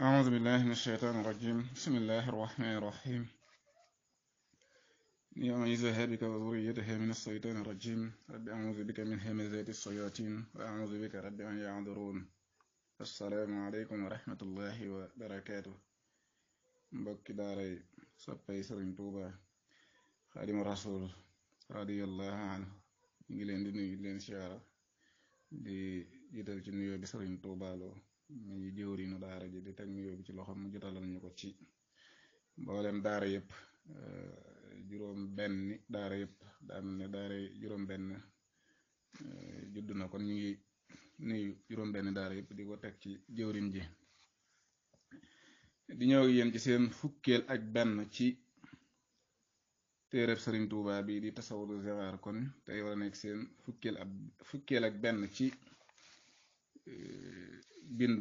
أعوذ بالله من الشيطان الرجيم بسم الله الرحمن الرحيم ليميزها بك وذريتها من الشيطان الرجيم رب أعوذ بك من همزات الشياطين وأعوذ بك رب أن يعذرون السلام عليكم ورحمة الله وبركاته بك داري soppay sëriñ Tuuba خادم الرسول رضي الله عنه ngi leen di شعر دي siyaara di jiital ci nuyoo mi jiwrino daara ji di teg mi yóbbu ci loxam mu jotalal ñu ko ci mboolem daara yépp juróom benn daara yépp daan ne daara juróom benn judd na kon ñu ngi nuy juróom benn daara yépp di ko teg ci jiwrin ji di ñëw yéen ci seen fukkeel ak benn ci téeréb sëriñ tuuba bi di tasawul zéhar kon tey war a nekk seen fukkeel ak fukkeel ak benn ci bind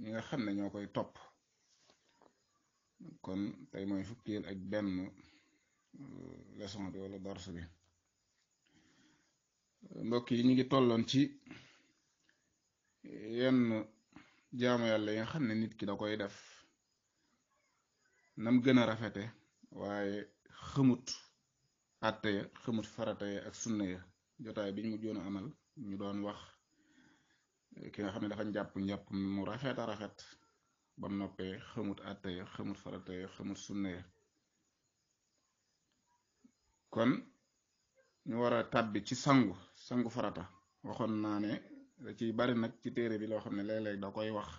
ñi nga xam ne ñoo koy topp kon tey mooy fukkeel ak benn euh, leçon bi wala dars bi mbokk yi ñu ngi tolloon ci yenn jaamu yàlla yi nga xam ne nit ki da koy def nam gën a rafete waaye xamut àtte ya xamut farata ya ak sunna jotaay bi mu mujjoon a amal ñu doon wax ki nga xam ne dafa njàpp njàpp mu rafet a rafet bam noppee xamut àtte ya xamut farata ya xamut sunna ya kon ñu war a tàbbi ci sangu sangu farata waxoon naa ne ci bari nag ci téere bi loo xam ne léeg-léeg da koy wax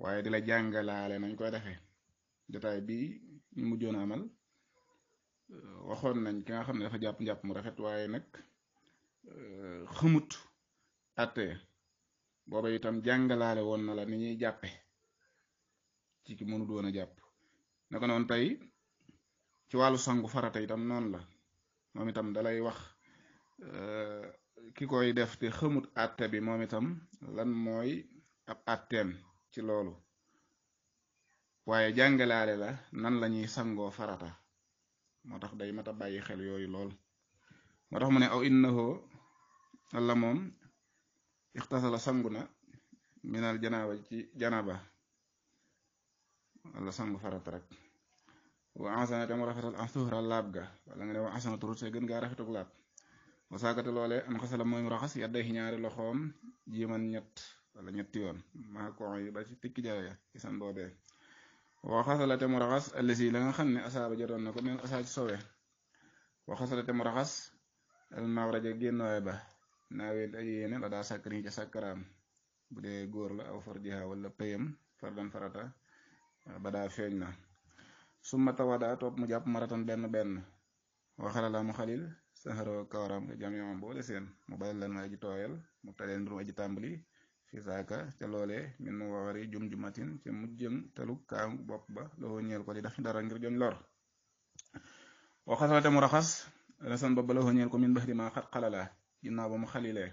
waaye di jàngalaale nañ koy defee jotaay bi ñu mujjoon amal euh, waxoon nañ ki nga xam ne dafa jàpp njàpp mu rafet waaye nag euh, xamut àtte booba itam jàngalaale woon na la ni ñuy jàppe ci ki mënu doon a jàpp naka noonu tey ci wàllu sangu farata itam noonu la moom itam dalay wax eh, ki koy def te xamut àtte bi moom itam lan mooy ab àtteem ci loolu waaye jàngalaale la nan la ñuy sangoo farata moo tax day mata a bàyyi xel yooyu lool moo tax mu ne aw innahu walla moom ixtasala sanguna minal Janaba ci janaba wala sangu farat rek wa asana tam rafetal asuhra labga. ga wala nga wa asana turu se gën nga rafetuk lab wa sagata lolé an xasala moy mu raxas yadday ñaari loxom jiman ñet wala ñet yoon ma ko ay ba ci tikki ya ci san bobé wa xasala tam raxas allisi la nga xamné asaba jaron nako men wa xasala tam raxas al mawraja gennoy ba naaweel ay yene eh, la da sakri ci sakaram budé gor la aw farjiha wala payam fardan farata eh, ba daa feeñ na summa tawada top mu japp maratan ben-ben. waxala la mu xalil saxaro kawaram ga jamiam boole seen mu balal lan aji tooyal mu talen rum aji tambali fi saaka ca lolé min mu wari jum jumatin ca mujjëm teluk kaam bop ba lo ñeel ko di def dara ngir lor wa khasalatu mu rasan bopp ko min baxdi ma xat ginnaaw ba mu xalilee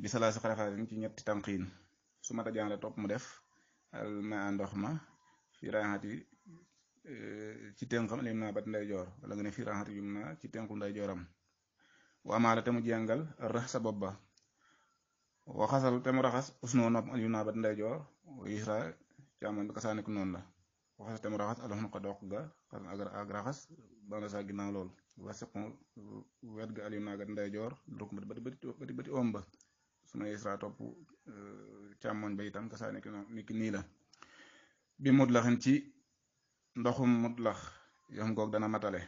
bi salaasi xarafaatin ci ñetti jangan su ma tajaanale topp mu def al ma andox ma fi raxati eh, ci tënkam lim naa bat ndeyjoor wala nga ne fi raxati yum naa ci tënku ndeyjooram waamaala te mu jàngal rax sa bopp wa waxasal te mu raxas usnoo nopp yum naa bat wa isra càmmoñ bi kasaaniku noonu la waxatam raxas alahun ka dok ga agar agar raxas bana sa ginaaw lool wasiqu wet ga alim nagat nday jor ruk mat bati bati bati omba suma isra top eh, chamon ba itam ka sa nek nek ni la bi mutlaxin ci ndoxum mutlax yam gog dana matale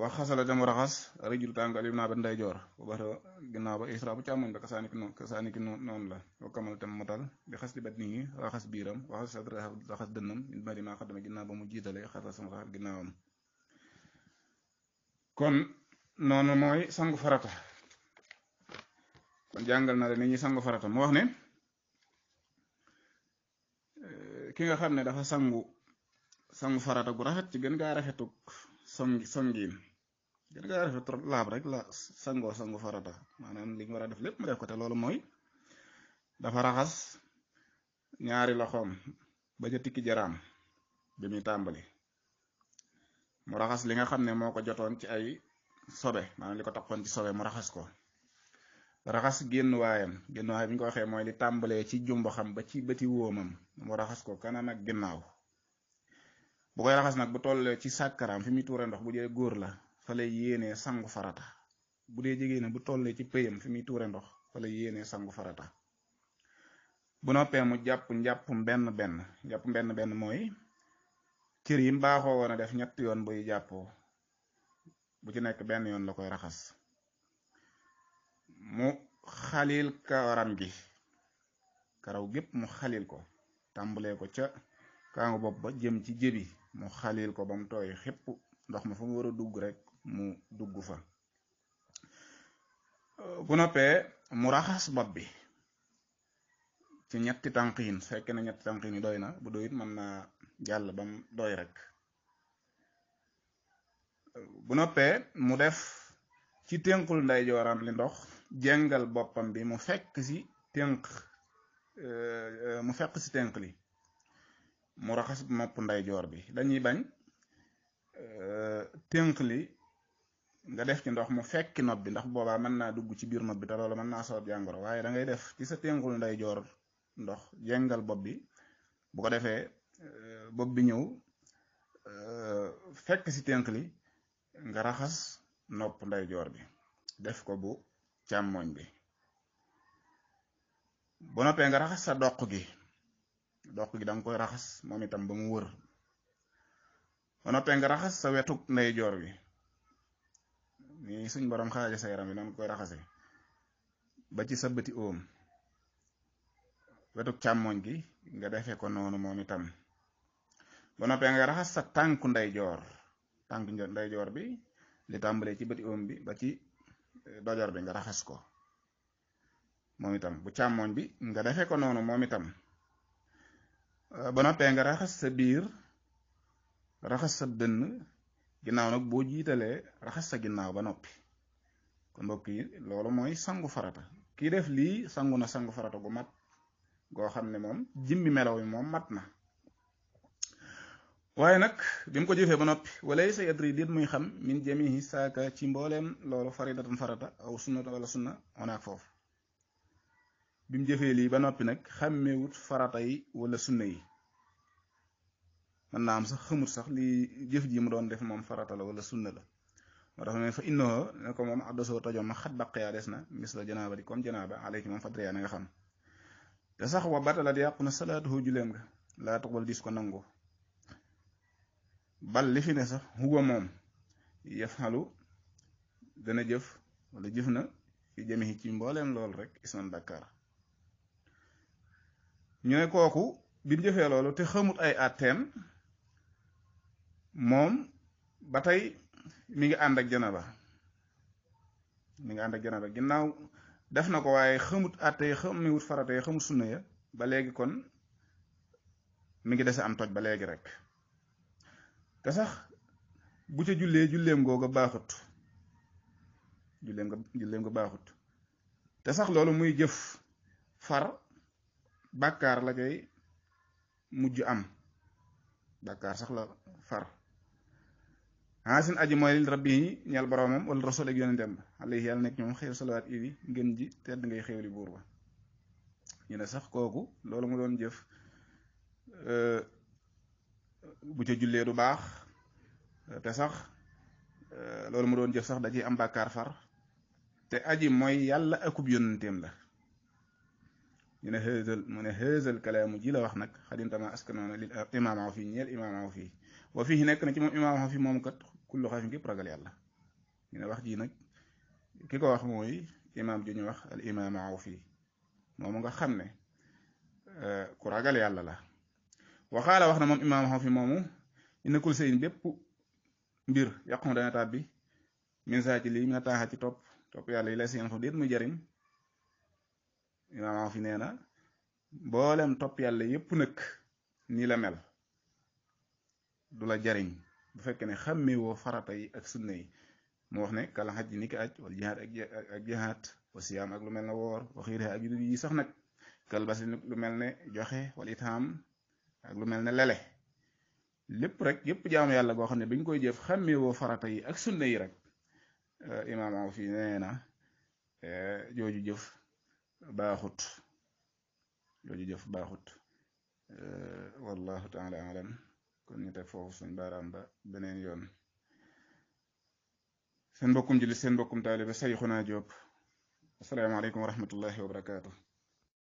wax xasala dem raxas rijul tàngal yim naa ba ndeyjoor bu baax ginnaaw ba ba wa kamal tam motal bi xas biiram raxas sadr dënnam min bari xaddama ginnaaw ba mu jiitale xasal sama raxas ginnaawam kon noonu mooy sangu farata kon jàngal na la sangu farata mu wax ne eh, ki nga xam ne dafa sangu sangu farata gu rafet ci gën gaa rafetuk sangi sangiin gën nga rafet trop lab rek la sango sango farata manam li nga wara def lepp mu def ko te lolu moy dafa raxas ñaari loxom ba ja tikki jaram bi mi tambali mu raxas li nga moko ci ay sobe manam liko takkon ci sobe mu raxas ko raxas genn wayam genn way bi nga ko moy li tambale ci jumbo xam ba ci beti womam mu raxas ko kanam ak bu koy raxas nak bu tollee eh, ci sakaram fi mi touré ndox bu dee gor la fa lay yéné sangu farata bu dee na bu tollee ci peyam fi mi touré ndox fa lay yéné sangu farata bu noppé mu japp njàpp benn benn japp benn benn moy cër yi mbaaxoo woon a def ñett yoon buy jàppoo bu ci nekk benn yoon la koy raxas mu Khalil kawaram gi karaw gep mu Khalil ko tàmbalee ko ca kaangu bopp ba jëm ci jëbi mu xalil ko ba mu tooy xépp ndox mi fa mu war a dugg rek mu dugg fa euh, bu noppee mu raxas bopp bi ci ñetti tànqiin su fekkee na ñetti tànqiin yi doy na bu doyit mën na jàll ba mu doy rek euh, bu noppee mu def ci tënkul ndeyjooram li ndox jengal boppam bi mu fekk si tënk euh, mu fekk ci tënk li mu raxas nopp jor bi dañuy bañ euh, tënk li nga def ci ndox mu fekk nopp bi ndax boba man na dugg ci bir nopp bi te loolu mën naa sabab jàngoro da ngay def ci sa nday jor. ndox jengal bob bi bu ko defé euh, bob bi euh fekk ci tënk li nga raxas nopp jor bi def ko bu càmmoñ bi bu noppee nga raxas sa doq gi dokk e. gi dang koy raxas mom itam ba mu wër ba noppee nga raxas sa wetuk jor bi ni suñ borom xaja sa yaram bi noonu koy raxase ba ci sa bëti oom wetuk càmmoñ gi nga defé ko nonu mom itam ba noppee peng raxas sa jor ndeyjoor ndey jor bi li tambalé ci oom bi ba ci dojor bi nga raxas ko moom bu càmmoñ bi nga defé ko nonu ba noppee nga raxas sa biir raxas sa dënn ginnaaw nag boo jiitalee raxas sa ginnaaw ba noppi kon mbokk yi loolu mooy sangu farata kii def lii sangu na sangu farata gu mat goo xam ne moom jimmi melaw yi moom mat na waaye nag bi mu ko jëfee ba noppi walay sa yadri ci mbooleem loolu faridatan farata aw sunna wala foofu bi jëfee lii ba noppi nag xàmmeewut farata yi wala sunna yi mën naa am sax xamut sax li jëf ji mu doon def moom farata la wala sunna la moo tax ne fa innoo ne ko moom addasoo tojom a xat baqiyaa des na mis la janaaba di comme janaaba alayki moom fadriyaa na nga xam ko nangu bal li sax huwa moom yafalu dana jëf wala jëf na fi jëmee ci mboolem loolu rek isman bàkkaar ñu ne kooku bi jëfee loolu te xamut ay atteem moom ba tey mi ngi ànd ak janaba mi ngi ànd ak janaba ginnaaw def na ko waaye xamut àtte xamiwut farate xamut sunna ya ba léegi kon mi ngi dese am toj ba léegi rek te sax bu ca jullee julleem googa baaxut julleem ga julleem baaxut te sax loolu muy jëf far bàkkaar la cay mujj am bàkkaar sax la far xaasin aji mooy rabbi yi ñeel boromam wala rasul ak yonentam alayhi yàlla nekk ñoom xëer salawaat ibi ngën ji te ngay xéewli buur ba ñu ne sax kooku loolu mu doon jëf euh, bu ca jullee du baax te sax euh, loolu mu doon jëf sax da ciy am bàkkaar far te aji mooy yàlla akub yonenteem la ñu ne hëzal mu ne hëzal kalaamu ji la wax nag xadintama askanoona lil imaam aw fii ñeel imaam aw fii wa fii nekk na ci moom imaam aw moom kat kullu xaafin képp ragal yalla ñu wax ji nak kiko wax moy imam ju ñu wax al imam awfi mom nga xamne ne euh, ku ragal yalla la waxaala wax na imam awfi momu ina kul seen bepp mbir yaqon dana tabbi bi min saa ci lii mina taaxa ci top top yalla yi la seen fu deet mu jariñ imam awfi neena na top yalla yàlla nak ni la mel dula bu fekkene xamé wo farata yi ak sunna yi mo wax ne kala xaj niki aj wal jihad ak jihad wa siyam ak lu melna wor wa khir ak yu yi sax nak kal basi lu melne joxe wal itham ak lu melne lele lépp rek yep jaamu yàlla go xamne ne biñ koy jëf xamé wo farata yi ak sunna yi rek imam aw fi neena joju jëf baxut joju jëf baxut والله تعالى اعلم kon ñu teg foofu suñ baaraam ba beneen yoon seen mbokkum jullit seen mbokkum taalibe Sayxuna Jóob asalaamaaleykum wa rahmatullahi wa barakaatu.